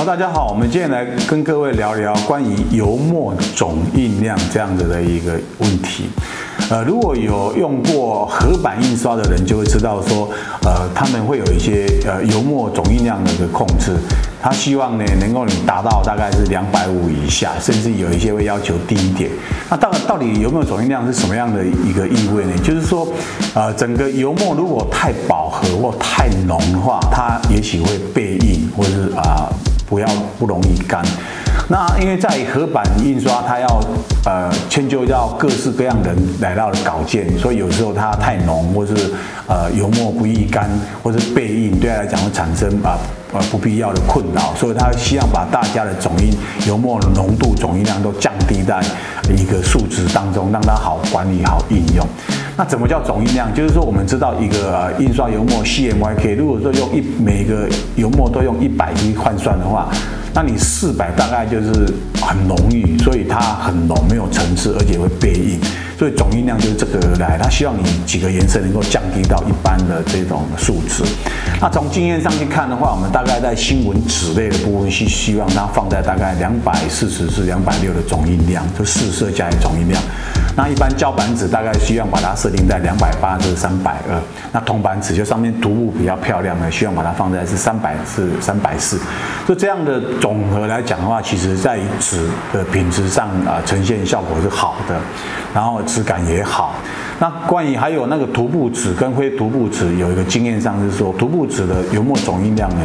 好，大家好，我們今天來跟各位聊聊關於油墨總印量這樣子的一個問題。呃，如果有用過合版印刷的人，就會知道說，呃，他們會有一些呃油墨總印量的一個控制，他希望呢能夠你達到大概是兩百五以下，甚至有一些會要求低一點。那到到底油墨總印量是什麼樣的一個意味呢？就是說，呃，整個油墨如果太飽和或太濃的話，它也許會背印，或者是啊。呃不要不容易乾。那因為在合版印刷，它要呃遷就到各式各樣的人來到的稿件，所以有時候它太濃，或是呃油墨不易乾，或是背印，對它來講會產生啊呃，呃不必要的困擾。所以它希望把大家的總印油墨的濃度、總印量都降低在一個數值當中，讓它好管理、好應用。那怎麼叫總印量？就是說，我們知道一個印刷油墨 C M Y K，如果說用一每一個油墨都用一百一換算的話，那你四百大概就是很濃郁，所以它很濃，沒有層次，而且會背印。所以總印量就是這個來，它希望你幾個顏色能夠降低到一般的這種數值。那從經驗上去看的話，我們大概在新聞紙類的部分是希望它放在大概兩百四十至兩百六的總印量，就四色加一總印量。那一般膠版紙大概需要把它設定在兩百八至三百二，那銅版紙就上面塗布比較漂亮的，需要把它放在是三百至三百四，就這樣的總和來講的話，其實在紙的品質上啊、呃，呈現效果是好的，然後質感也好。那關於還有那個塗布紙跟灰塗布紙，有一個經驗上就是說，塗布紙的油墨總印量呢，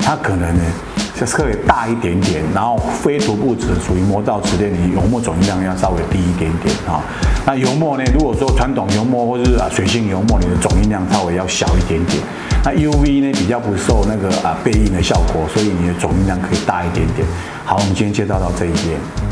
它可能呢。就可以大一點點，然後非塗布紙屬於模造紙類，你油墨總印量要稍微低一點點啊、哦。那油墨呢，如果說傳統油墨或者是啊水性油墨，你的總印量稍微要小一點點。那 UV 呢比較不受那個啊背印的效果，所以你的總印量可以大一點點。好，我們今天介紹到這一邊。